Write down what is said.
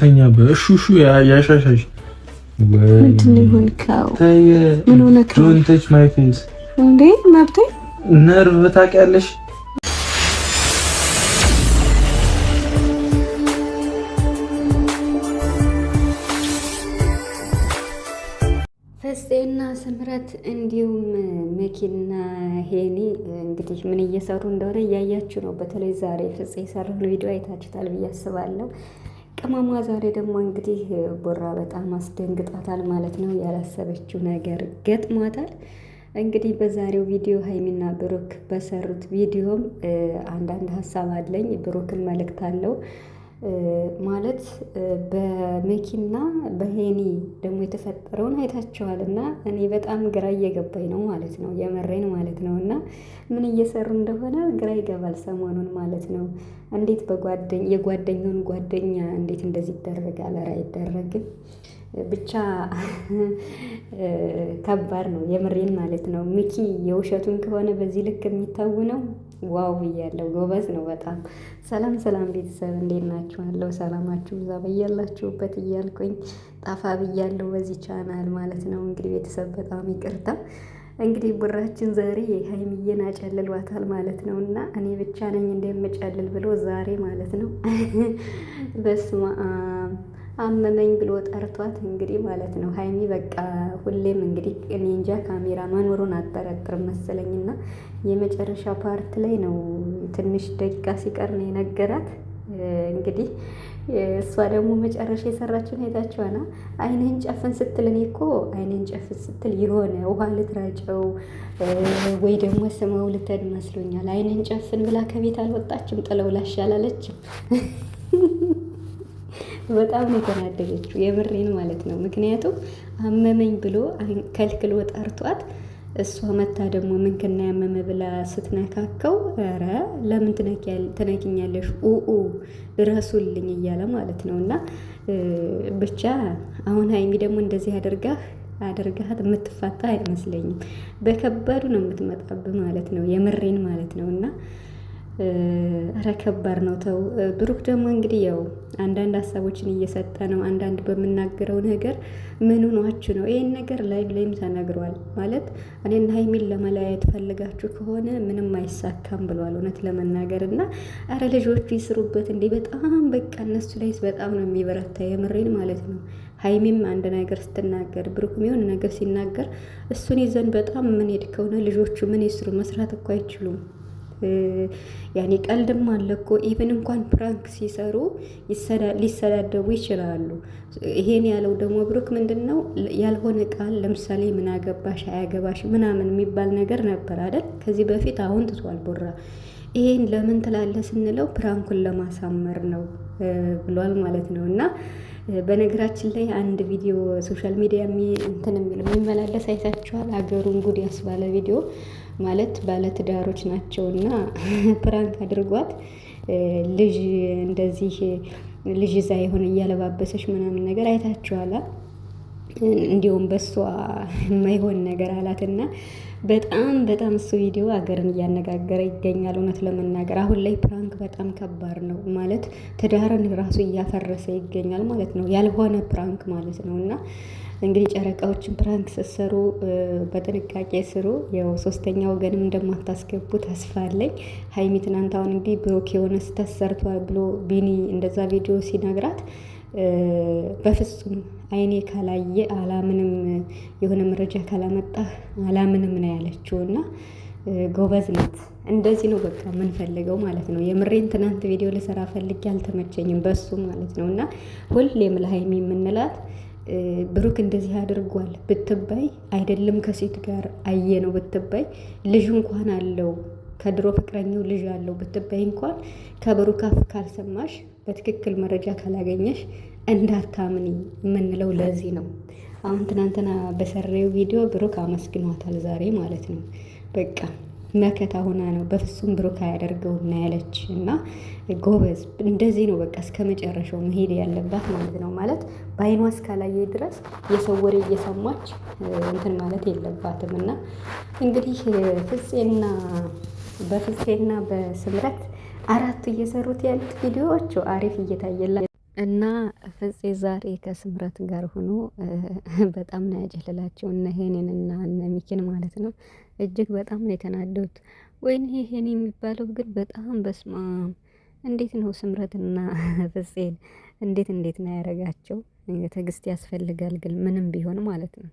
ተኛ በእሹሹ ያሻሻሽ ምንድን ምን እንዴ! መብቴ ነርቭ ታውቂያለሽ። ፍፄና ስምረት እንዲሁም መኪና ሄኒ እንግዲህ ምን እየሰሩ እንደሆነ እያያችሁ ነው። በተለይ ዛሬ ፍፄ የሰራውን ቪዲዮ አይታችሁታል ብዬ አስባለሁ። ቅመሟ ዛሬ ደግሞ እንግዲህ ቦራ በጣም አስደንግጣታል ማለት ነው። ያላሰበችው ነገር ገጥሟታል። እንግዲህ በዛሬው ቪዲዮ ሀይሚና ብሩክ በሰሩት ቪዲዮም አንዳንድ ሀሳብ አለኝ። ብሩክን መልእክት አለው ማለት በመኪና በሄኒ ደግሞ የተፈጠረውን አይታችኋል እና እኔ በጣም ግራ እየገባኝ ነው ማለት ነው። የመሬን ማለት ነው እና ምን እየሰሩ እንደሆነ ግራ ይገባል ሰሞኑን ማለት ነው። እንዴት የጓደኛውን ጓደኛ እንዴት እንደዚህ ይደረጋል? ኧረ አይደረግም። ብቻ ከባድ ነው የምሬን ማለት ነው። ሚኪ የውሸቱን ከሆነ በዚህ ልክ ነው ዋው ብያለሁ። ጎበዝ ነው በጣም። ሰላም ሰላም ቤተሰብ እንዴት ናችኋለሁ? ሰላማችሁ እዛ በያላችሁበት እያልኩኝ ጣፋ ብያለሁ በዚህ ቻናል ማለት ነው። እንግዲህ ቤተሰብ በጣም ይቅርታ እንግዲህ ቡራችን ዛሬ ሀይሚዬን አጨልሏታል ማለት ነው። እና እኔ ብቻ ነኝ እንደምጨልል ብሎ ዛሬ ማለት ነው በስማ አመመኝ ብሎ ጠርቷት እንግዲህ ማለት ነው። ሀይሚ በቃ ሁሌም እንግዲህ እኔ እንጃ ካሜራ መኖሩን አጠረጥር መሰለኝና የመጨረሻ ፓርት ላይ ነው ትንሽ ደቂቃ ሲቀር ነው የነገራት እንግዲህ እሷ ደግሞ መጨረሻ የሰራችውን ሄዳችኋና አይንህን ጨፍን ስትል እኔ እኮ አይንህን ጨፍን ስትል የሆነ ውሃ ልትራጨው ወይ ደግሞ ስመው ልተድ መስሎኛል። አይንህን ጨፍን ብላ ከቤት አልወጣችም፣ ጥለው ላሽ አላለችም። በጣም ነው የተናደደችው፣ የምሬን ማለት ነው። ምክንያቱም አመመኝ ብሎ ከልክሎ ጠርቷት እሷ መታ ደግሞ ምንክና ያመመ ብላ ስትነካከው ኧረ ለምን ትነኪኛለሽ ኡኡ ድረሱልኝ እያለ ማለት ነው። እና ብቻ አሁን ሀይሚ ደግሞ እንደዚህ አድርጋህ አድርጋት የምትፋታ አይመስለኝም። በከባዱ ነው የምትመጣብ ማለት ነው። የምሬን ማለት ነው እና ኧረ ከባድ ነው ተው። ብሩክ ደግሞ እንግዲህ ያው አንዳንድ ሀሳቦችን እየሰጠ ነው። አንዳንድ በምናገረው ነገር ምን ሆኗችሁ ነው? ይህን ነገር ላይቭ ላይም ተነግሯል። ማለት እኔና ሀይሚን ለመለያየት ፈልጋችሁ ከሆነ ምንም አይሳካም ብሏል። እውነት ለመናገር እና አረ ልጆቹ ይስሩበት እንዴ! በጣም በቃ እነሱ ላይ በጣም ነው የሚበረታ የምሬን ማለት ነው። ሀይሚም አንድ ነገር ስትናገር ብሩክም የሆነ ነገር ሲናገር እሱን ይዘን በጣም ምን ሄድ ከሆነ ልጆቹ ምን ይስሩ? መስራት እኮ አይችሉም። ያኔ ቀልድም አለ እኮ ኢቨን እንኳን ፕራንክ ሲሰሩ ሊሰዳደቡ ይችላሉ። ይሄን ያለው ደግሞ ብሩክ ምንድን ነው ያልሆነ ቃል ለምሳሌ ምን አገባሽ አያገባሽ ምናምን የሚባል ነገር ነበር አይደል? ከዚህ በፊት አሁን ትቷል ቦራ። ይሄን ለምን ትላለ ስንለው ፕራንኩን ለማሳመር ነው ብሏል ማለት ነው እና በነገራችን ላይ አንድ ቪዲዮ ሶሻል ሚዲያ እንትን የሚል የሚመላለስ አይታችኋል። ሀገሩን ጉድ ያስባለ ቪዲዮ ማለት ባለትዳሮች ናቸው እና ፕራንክ አድርጓት ልጅ እንደዚህ ልጅ እዛ የሆነ እያለባበሰች ምናምን ነገር አይታችኋላ። እንዲሁም በሷ የማይሆን ነገር አላትና በጣም በጣም እሱ ቪዲዮ ሀገርን እያነጋገረ ይገኛል። እውነት ለመናገር አሁን ላይ ፕራንክ በጣም ከባድ ነው ማለት ትዳርን ራሱ እያፈረሰ ይገኛል ማለት ነው። ያልሆነ ፕራንክ ማለት ነው እና እንግዲህ ጨረቃዎችን ፕራንክ ስትሰሩ በጥንቃቄ ስሩ። ያው ሶስተኛ ወገንም እንደማታስገቡ ተስፋ አለኝ። ሀይሚ ትናንት አሁን እንግዲህ ብሩክ የሆነ ስህተት ሰርቷል ብሎ ቢኒ እንደዛ ቪዲዮ ሲነግራት በፍጹም አይኔ ካላየ አላምንም፣ የሆነ መረጃ ካላመጣህ አላምንም ነው ያለችው እና ጎበዝ ናት። እንደዚህ ነው በቃ የምንፈልገው ማለት ነው። የምሬን ትናንት ቪዲዮ ልሰራ ፈልጌ አልተመቸኝም በሱ ማለት ነው እና ሁሌም ለሀይሚ የምንላት ብሩክ እንደዚህ አድርጓል ብትባይ አይደለም ከሴት ጋር አየ ነው ብትባይ ልጅ እንኳን አለው ከድሮ ፍቅረኛው ልጅ አለው ብትባይ እንኳን ከብሩክ አፍ ካልሰማሽ በትክክል መረጃ ካላገኘሽ እንዳታምኒ የምንለው ለዚህ ነው። አሁን ትናንትና በሰሬው ቪዲዮ ብሩክ አመስግኗታል ዛሬ ማለት ነው በቃ መከታ ሆና ነው። በፍጹም ብሩክ አያደርገውም ነው ያለች እና ጎበዝ እንደዚህ ነው በቃ እስከ መጨረሻው መሄድ ያለባት ማለት ነው። ማለት በአይኗ እስካላየ ድረስ የሰው ወሬ እየሰማች እንትን ማለት የለባትም እና እንግዲህ ፍጼና በፍጼና በስምረት አራቱ እየሰሩት ያሉት ቪዲዮዎቹ አሪፍ እየታየላ እና ፍፄ ዛሬ ከስምረት ጋር ሆኖ በጣም ነው ያጨለላቸው እነ ሄኔን እና እነ ሚኪን ማለት ነው። እጅግ በጣም ነው የተናደዱት። ወይኔ ሄኔ የሚባለው ግን በጣም በስማ እንዴት ነው ስምረትና ፍፄን እንዴት እንዴት ነው ያደረጋቸው። ትዕግስት ያስፈልጋል ግን ምንም ቢሆን ማለት ነው።